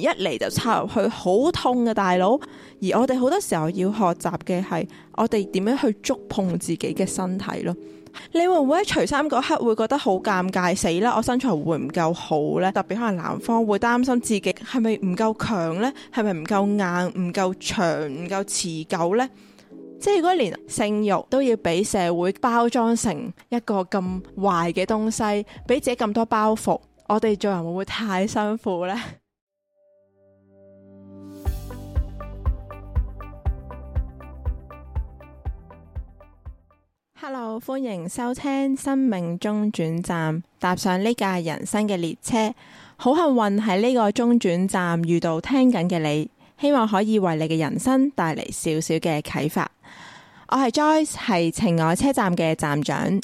一嚟就插入去，好痛嘅、啊、大佬。而我哋好多時候要學習嘅係，我哋點樣去觸碰自己嘅身體咯？你會唔會喺除衫嗰刻會覺得好尷尬？死啦！我身材會唔夠好咧？特別可能男方會擔心自己係咪唔夠強咧？係咪唔夠硬？唔夠長？唔夠持久咧？即係如果連性慾都要俾社會包裝成一個咁壞嘅東西，俾自己咁多包袱，我哋做人會唔會太辛苦咧？Hello，歡迎收聽生命中轉站，搭上呢架人生嘅列車，好幸運喺呢個中轉站遇到聽緊嘅你，希望可以為你嘅人生帶嚟少少嘅啟發。我係 Joyce，係情愛車站嘅站長。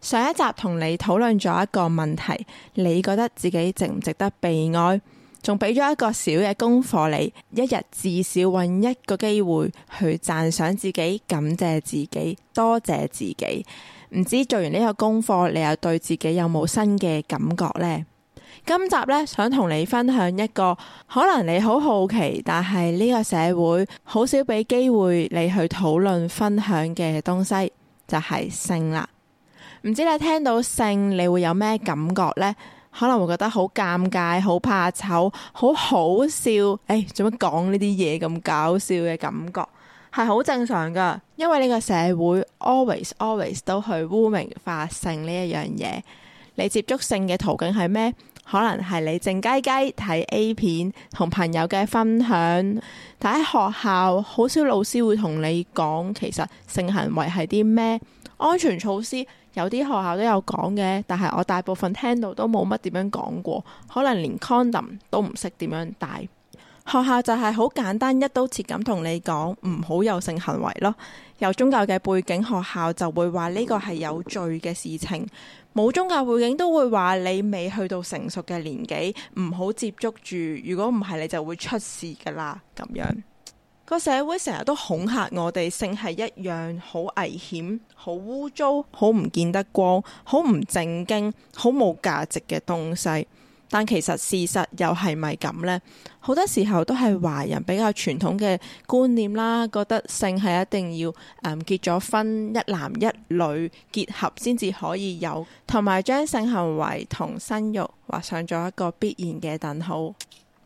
上一集同你討論咗一個問題，你覺得自己值唔值得被愛？仲俾咗一個小嘅功課你，一日至少揾一個機會去讚賞自己、感謝自己、多謝自己。唔知做完呢個功課，你又對自己有冇新嘅感覺呢？今集呢，想同你分享一個，可能你好好奇，但係呢個社會好少俾機會你去討論分享嘅東西，就係性啦。唔知你聽到性你會有咩感覺呢？可能會覺得好尷尬、好怕醜、好好笑。誒、哎，做乜講呢啲嘢咁搞笑嘅感覺，係好正常㗎。因為呢個社會 always always 都去污名化性呢一樣嘢。你接觸性嘅途徑係咩？可能係你靜雞雞睇 A 片，同朋友嘅分享。但喺學校，好少老師會同你講，其實性行為係啲咩。安全措施有啲學校都有講嘅，但係我大部分聽到都冇乜點樣講過，可能連 condom 都唔識點樣戴。學校就係好簡單一刀切咁同你講唔好有性行為咯。有宗教嘅背景學校就會話呢個係有罪嘅事情，冇宗教背景都會話你未去到成熟嘅年紀唔好接觸住，如果唔係你就會出事㗎喇咁樣。個社會成日都恐嚇我哋性係一樣好危險、好污糟、好唔見得光、好唔正經、好冇價值嘅東西。但其實事實又係咪咁呢？好多時候都係華人比較傳統嘅觀念啦，覺得性係一定要誒、嗯、結咗婚一男一女結合先至可以有，同埋將性行為同生育畫上咗一個必然嘅等號。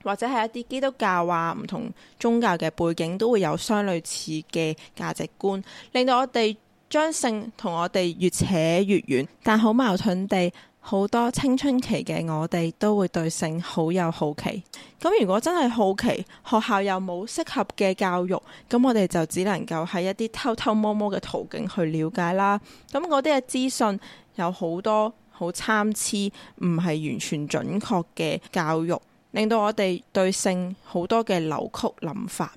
或者係一啲基督教啊，唔同宗教嘅背景都會有相類似嘅價值觀，令到我哋將性同我哋越扯越遠。但好矛盾地，好多青春期嘅我哋都會對性好有好奇。咁如果真係好奇，學校又冇適合嘅教育，咁我哋就只能夠喺一啲偷偷摸摸嘅途徑去了解啦。咁嗰啲嘅資訊有好多好參差，唔係完全準確嘅教育。令到我哋對性好多嘅扭曲諗法，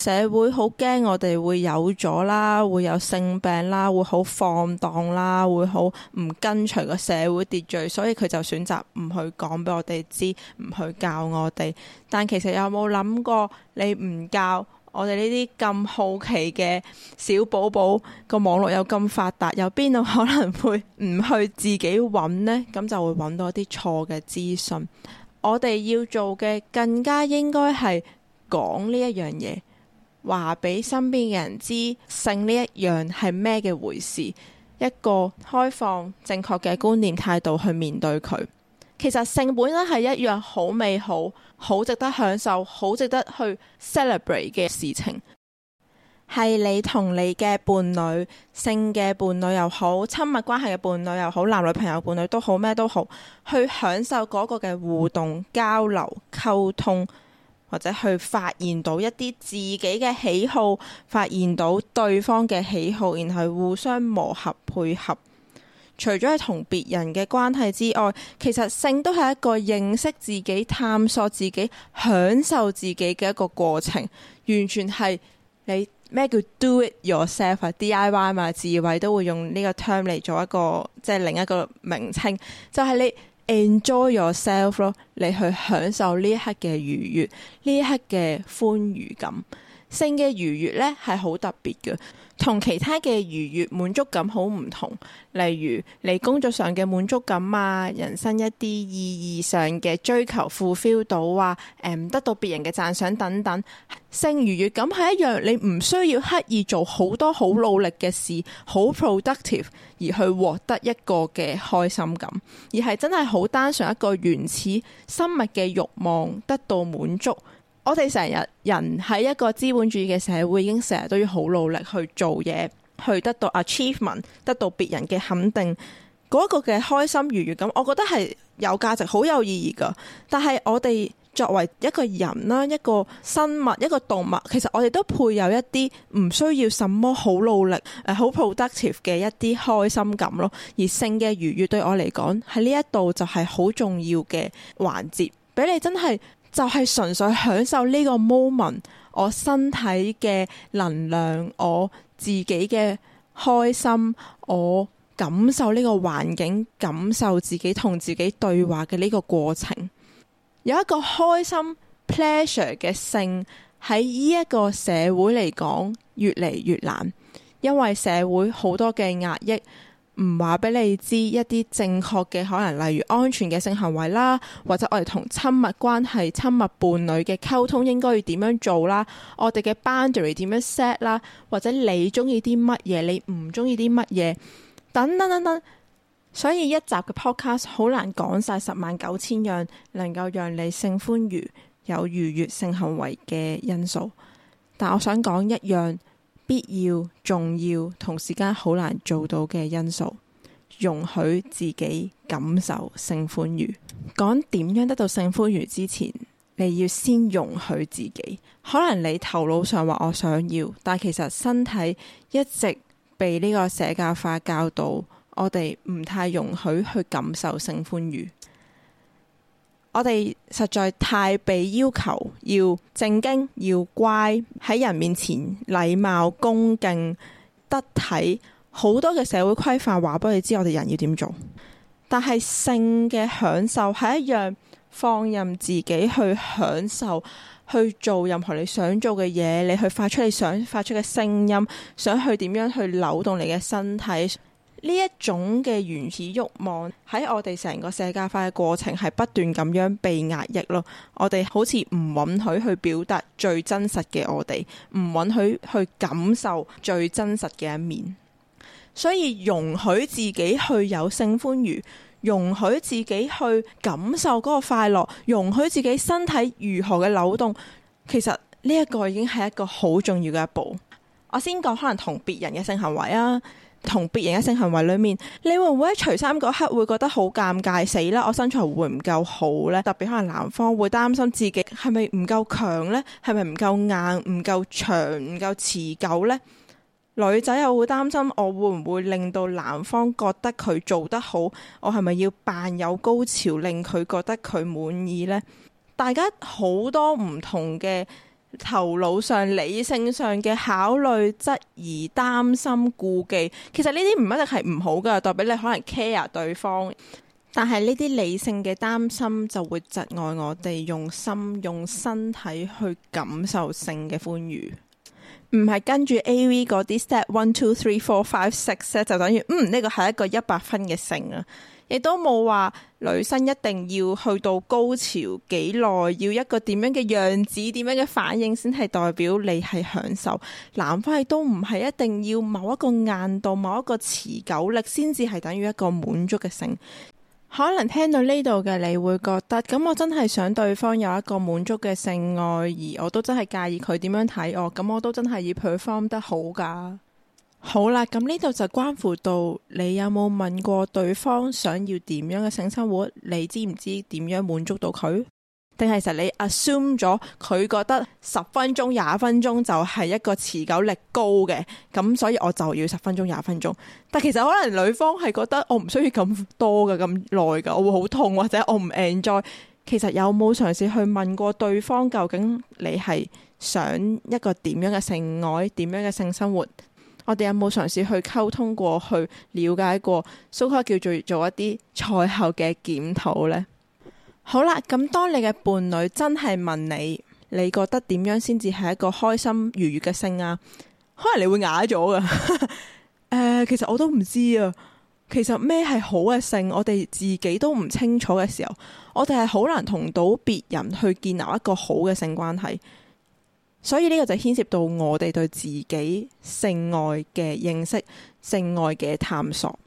社會好驚我哋會有咗啦，會有性病啦，會好放蕩啦，會好唔跟隨個社會秩序，所以佢就選擇唔去講俾我哋知，唔去教我哋。但其實有冇諗過，你唔教我哋呢啲咁好奇嘅小寶寶，個網絡又咁發達，有邊度可能會唔去自己揾呢？咁就會揾到啲錯嘅資訊。我哋要做嘅更加應該係講呢一樣嘢，話俾身邊嘅人知，性呢一樣係咩嘅回事，一個開放正確嘅觀念態度去面對佢。其實性本身係一樣好美好、好值得享受、好值得去 celebrate 嘅事情。係你同你嘅伴侶，性嘅伴侶又好、親密關係嘅伴侶又好、男女朋友伴侶都好，咩都好，去享受嗰個嘅互動、交流、溝通，或者去發現到一啲自己嘅喜好，發現到對方嘅喜好，然後互相磨合配合。除咗係同別人嘅關係之外，其實性都係一個認識自己、探索自己、享受自己嘅一個過程，完全係你。咩叫 do it yourself 啊，DIY 啊，智慧都會用呢個 term 嚟做一個即係另一個名稱，就係你 enjoy yourself 咯，你去享受呢一刻嘅愉悅，呢一刻嘅歡愉感，性嘅愉悅咧，係好特別嘅。同其他嘅愉悅滿足感好唔同，例如你工作上嘅滿足感啊，人生一啲意義上嘅追求，fulfill 到啊，誒、嗯、得到別人嘅讚賞等等，性愉悅感係一樣你唔需要刻意做好多好努力嘅事，好 productive 而去獲得一個嘅開心感，而係真係好單純一個原始生物嘅慾望得到滿足。我哋成日人喺一個資本主義嘅社會，已經成日都要好努力去做嘢，去得到 achievement，得到別人嘅肯定，嗰個嘅開心愉悅感，我覺得係有價值，好有意義噶。但係我哋作為一個人啦，一個生物，一個動物，其實我哋都配有一啲唔需要什麼好努力誒，好 productive 嘅一啲開心感咯。而性嘅愉悅對我嚟講，喺呢一度就係好重要嘅環節，俾你真係。就係純粹享受呢個 moment，我身體嘅能量，我自己嘅開心，我感受呢個環境，感受自己同自己對話嘅呢個過程，有一個開心 pleasure 嘅性喺呢一個社會嚟講越嚟越難，因為社會好多嘅壓抑。唔話俾你知一啲正確嘅可能，例如安全嘅性行為啦，或者我哋同親密關係、親密伴侶嘅溝通應該要點樣做啦，我哋嘅 boundary 點樣 set 啦，或者你中意啲乜嘢，你唔中意啲乜嘢，等等等等。所以一集嘅 podcast 好難講晒十萬九千樣，能夠讓你性歡愉、有愉悅性行為嘅因素。但我想講一樣。必要、重要同時間好難做到嘅因素，容許自己感受性歡愉。講點樣得到性歡愉之前，你要先容許自己。可能你頭腦上話我想要，但其實身體一直被呢個社交化教導，我哋唔太容許去感受性歡愉。我哋實在太被要求要正經、要乖，喺人面前禮貌、恭敬、得體，好多嘅社會規範話俾你知，我哋人要點做。但係性嘅享受係一樣放任自己去享受，去做任何你想做嘅嘢，你去發出你想發出嘅聲音，想去點樣去扭動你嘅身體。呢一種嘅原始欲望喺我哋成個社交化嘅過程係不斷咁樣被壓抑咯，我哋好似唔允許去表達最真實嘅我哋，唔允許去感受最真實嘅一面。所以容許自己去有性歡愉，容許自己去感受嗰個快樂，容許自己身體如何嘅扭動，其實呢一個已經係一個好重要嘅一步。我先講可能同別人嘅性行為啊。同別人嘅性行為裏面，你會唔會喺除衫嗰刻會覺得好尷尬死啦？我身材會唔夠好呢？特別可能男方會擔心自己係咪唔夠強呢？係咪唔夠硬、唔夠長、唔夠持久呢？女仔又會擔心我會唔會令到男方覺得佢做得好？我係咪要扮有高潮令佢覺得佢滿意呢？大家好多唔同嘅。頭腦上、理性上嘅考慮、質疑、擔心、顧忌，其實呢啲唔一定係唔好噶，代表你可能 care 對方，但係呢啲理性嘅擔心就會窒礙我哋用心用身體去感受性嘅歡愉，唔係跟住 AV 嗰啲 step one two three four five six 咧，1, 2, 3, 4, 5, 6, 就等於嗯呢個係一個一百分嘅性啊。亦都冇話女生一定要去到高潮幾耐，要一個點樣嘅樣子、點樣嘅反應先係代表你係享受。男方亦都唔係一定要某一個硬度、某一個持久力先至係等於一個滿足嘅性。可能聽到呢度嘅你會覺得，咁我真係想對方有一個滿足嘅性愛，而我都真係介意佢點樣睇我，咁我都真係要佢 form 得好噶。好啦，咁呢度就關乎到你有冇問過對方想要點樣嘅性生活？你知唔知點樣滿足到佢？定係實你 assume 咗佢覺得十分鐘廿分鐘就係一個持久力高嘅，咁所以我就要十分鐘廿分鐘。但其實可能女方係覺得我唔需要咁多嘅、咁耐㗎，我會好痛或者我唔 enjoy。其實有冇嘗試去問過對方究竟你係想一個點樣嘅性愛，點樣嘅性生活？我哋有冇嘗試去溝通過去,去了解過，所謂叫做做一啲賽後嘅檢討呢？好啦，咁當你嘅伴侶真係問你，你覺得點樣先至係一個開心愉悦嘅性啊？可能你會啞咗㗎。誒，其實我都唔知啊。其實咩係好嘅性，我哋自己都唔清楚嘅時候，我哋係好難同到別人去建立一個好嘅性關係。所以呢個就牽涉到我哋對自己性愛嘅認識、性愛嘅探索。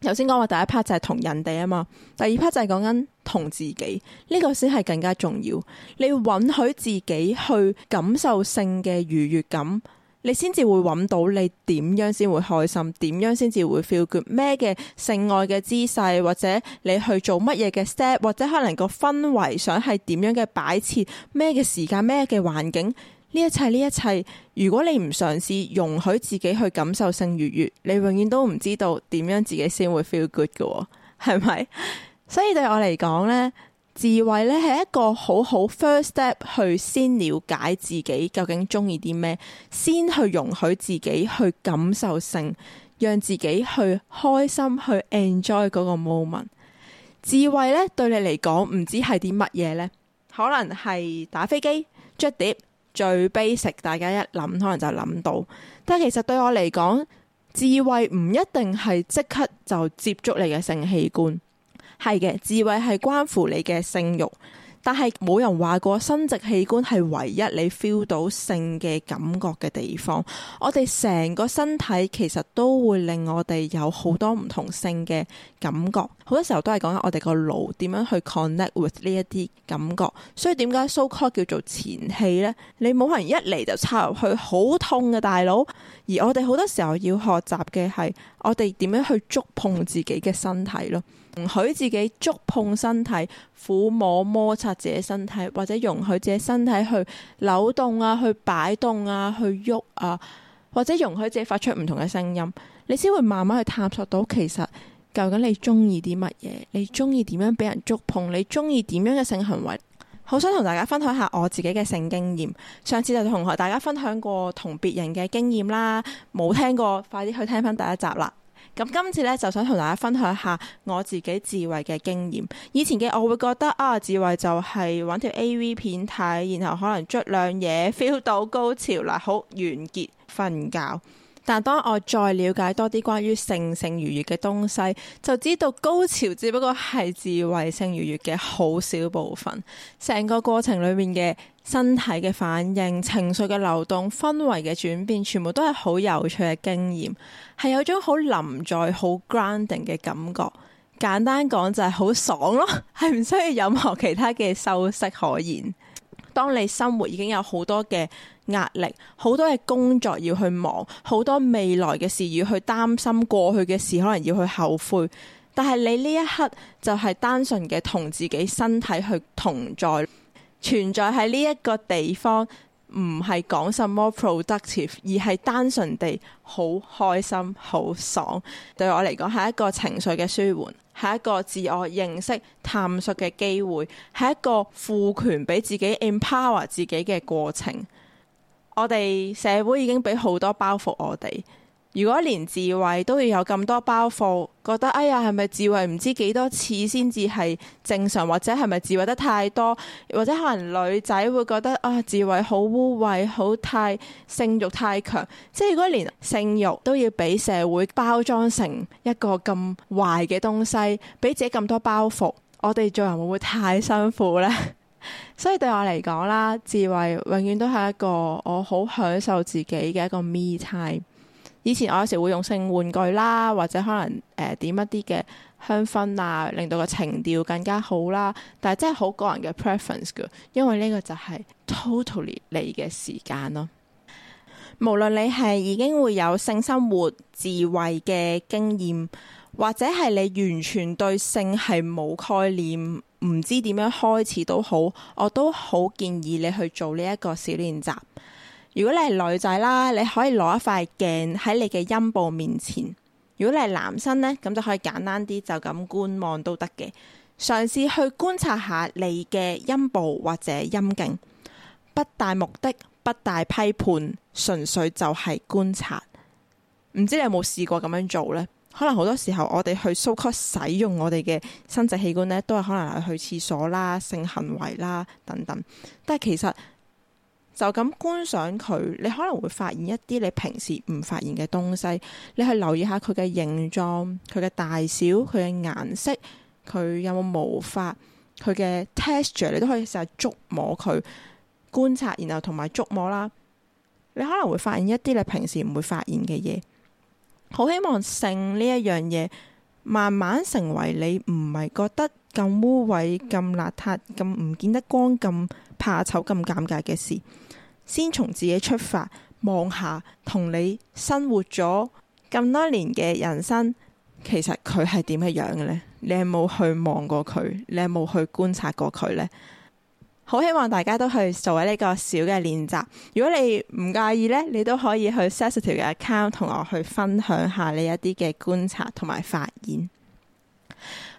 頭先講話第一 part 就係同人哋啊嘛，第二 part 就係講緊同自己，呢個先係更加重要。你要允許自己去感受性嘅愉悅感，你先至會揾到你點樣先會開心，點樣先至會 feel good。咩嘅性愛嘅姿勢，或者你去做乜嘢嘅 step，或者可能個氛圍想係點樣嘅擺設，咩嘅時間，咩嘅環境。呢一切呢一切，如果你唔嘗試容許自己去感受性愉悅，你永遠都唔知道點樣自己先會 feel good 嘅喎，係咪？所以對我嚟講呢，自慰呢係一個好好 first step 去先了解自己究竟中意啲咩，先去容許自己去感受性，讓自己去開心去 enjoy 嗰個 moment。自慰呢對你嚟講唔知係啲乜嘢呢？可能係打飛機、着碟。最 basic，大家一諗可能就諗到，但係其實對我嚟講，智慧唔一定係即刻就接觸你嘅性器官，係嘅，智慧係關乎你嘅性慾。但係冇人話過生殖器官係唯一你 feel 到性嘅感覺嘅地方。我哋成個身體其實都會令我哋有好多唔同性嘅感覺。好多時候都係講緊我哋個腦點樣去 connect with 呢一啲感覺。所以點解 so called 叫做前戲呢？你冇人一嚟就插入去好痛嘅、啊、大佬。而我哋好多時候要學習嘅係我哋點樣去觸碰自己嘅身體咯。容許自己觸碰身體，撫摸，摸、摩擦自己身體，或者容許自己身體去扭動啊、去擺動啊、去喐啊，或者容許自己發出唔同嘅聲音，你先會慢慢去探索到，其實究竟你中意啲乜嘢，你中意點樣俾人觸碰，你中意點樣嘅性行為。好想同大家分享下我自己嘅性經驗。上次就同大家分享過同別人嘅經驗啦，冇聽過，快啲去聽翻第一集啦。咁今次咧，就想同大家分享下我自己自慰嘅經驗。以前嘅我會覺得啊，自慰就係揾條 AV 片睇，然後可能捽兩嘢，feel 到高潮啦，啊，好完結瞓覺。但當我再了解多啲關於性性愉悅嘅東西，就知道高潮只不過係自慰性愉悅嘅好少部分，成個過程裏面嘅身體嘅反應、情緒嘅流動、氛圍嘅轉變，全部都係好有趣嘅經驗，係有種好臨在、好 grounding 嘅感覺。簡單講就係好爽咯，係唔需要任何其他嘅修飾可言。當你生活已經有好多嘅壓力，好多嘅工作要去忙，好多未來嘅事要去擔心，過去嘅事可能要去後悔，但係你呢一刻就係單純嘅同自己身體去同在，存在喺呢一個地方。唔係講什麼 productive，而係單純地好開心、好爽。對我嚟講，係一個情緒嘅舒緩，係一個自我認識、探索嘅機會，係一個賦權俾自己 empower 自己嘅過程。我哋社會已經俾好多包袱我哋。如果連自慰都要有咁多包袱，覺得哎呀，係咪自慰唔知幾多次先至係正常，或者係咪自慰得太多，或者可能女仔會覺得啊，自慰好污穢，好太性欲太強，即係如果連性欲都要俾社會包裝成一個咁壞嘅東西，俾自己咁多包袱，我哋做人會唔會太辛苦呢？ 所以對我嚟講啦，自慰永遠都係一個我好享受自己嘅一個 me time。以前我有時會用性玩具啦，或者可能誒、呃、點一啲嘅香薰啊，令到個情調更加好啦。但係真係好個人嘅 preference 嘅，因為呢個就係 totally 你嘅時間咯。無論你係已經會有性生活自慰嘅經驗，或者係你完全對性係冇概念，唔知點樣開始都好，我都好建議你去做呢一個小練習。如果你係女仔啦，你可以攞一塊鏡喺你嘅陰部面前；如果你係男生呢，咁就可以簡單啲就咁觀望都得嘅。嘗試去觀察下你嘅陰部或者陰莖，不帶目的，不帶批判，純粹就係觀察。唔知你有冇試過咁樣做呢？可能好多時候我哋去 soak 使用我哋嘅生殖器官呢，都係可能係去廁所啦、性行為啦等等。但係其實。就咁觀賞佢，你可能會發現一啲你平時唔發現嘅東西。你去留意下佢嘅形狀、佢嘅大小、佢嘅顏色、佢有冇毛髮、佢嘅 texture，你都可以試下觸摸佢觀察，然後同埋觸摸啦。你可能會發現一啲你平時唔會發現嘅嘢。好希望性呢一樣嘢慢慢成為你唔係覺得咁污穢、咁邋遢、咁唔見得光、咁怕醜、咁尷尬嘅事。先從自己出發，望下同你生活咗咁多年嘅人生，其實佢係點嘅樣嘅呢？你有冇去望過佢，你有冇去觀察過佢呢？好希望大家都去做下呢個小嘅練習。如果你唔介意呢，你都可以去 set up 條 account 同我去分享下你一啲嘅觀察同埋發現。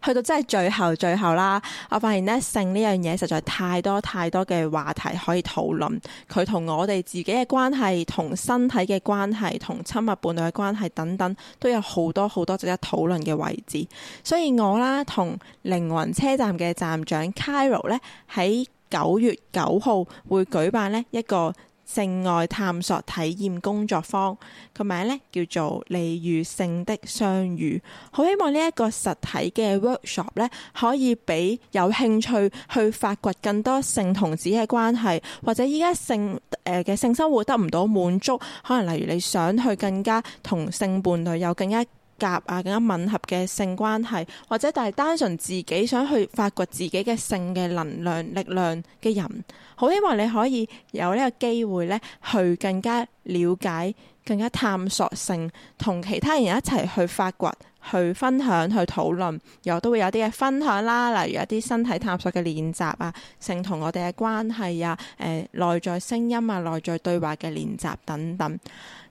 去到真係最後最後啦，我發現呢性呢樣嘢實在太多太多嘅話題可以討論，佢同我哋自己嘅關係、同身體嘅關係、同親密伴侶嘅關係等等，都有好多好多值得討論嘅位置。所以我啦同靈魂車站嘅站長 Kyro 呢，喺九月九號會舉辦呢一個。性愛探索體驗工作坊個名咧叫做《你與性的相遇》，好希望呢一個實體嘅 workshop 咧，可以俾有興趣去發掘更多性同自己嘅關係，或者依家性誒嘅、呃、性生活得唔到滿足，可能例如你想去更加同性伴侶有更加。夾啊，更加吻合嘅性關係，或者但係單純自己想去發掘自己嘅性嘅能量、力量嘅人，好希望你可以有呢個機會咧，去更加了解、更加探索性，同其他人一齊去發掘、去分享、去討論，又都會有啲嘅分享啦，例如一啲身體探索嘅練習啊，性同我哋嘅關係啊，誒、呃、內在聲音啊、內在對話嘅練習等等，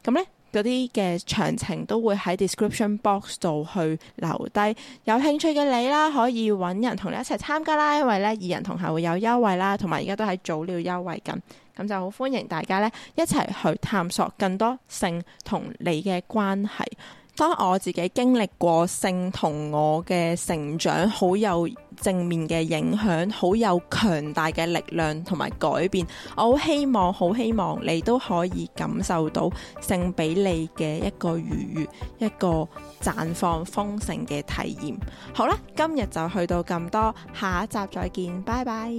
咁咧。嗰啲嘅詳情都會喺 description box 度去留低，有興趣嘅你啦，可以揾人同你一齊參加啦，因為咧，二人同行會有優惠啦，同埋而家都係早鳥優惠緊，咁就好歡迎大家呢，一齊去探索更多性同你嘅關係。當我自己經歷過性同我嘅成長，好有正面嘅影響，好有強大嘅力量同埋改變，我好希望，好希望你都可以感受到性俾你嘅一個愉悅，一個綻放豐盛嘅體驗。好啦，今日就去到咁多，下一集再見，拜拜。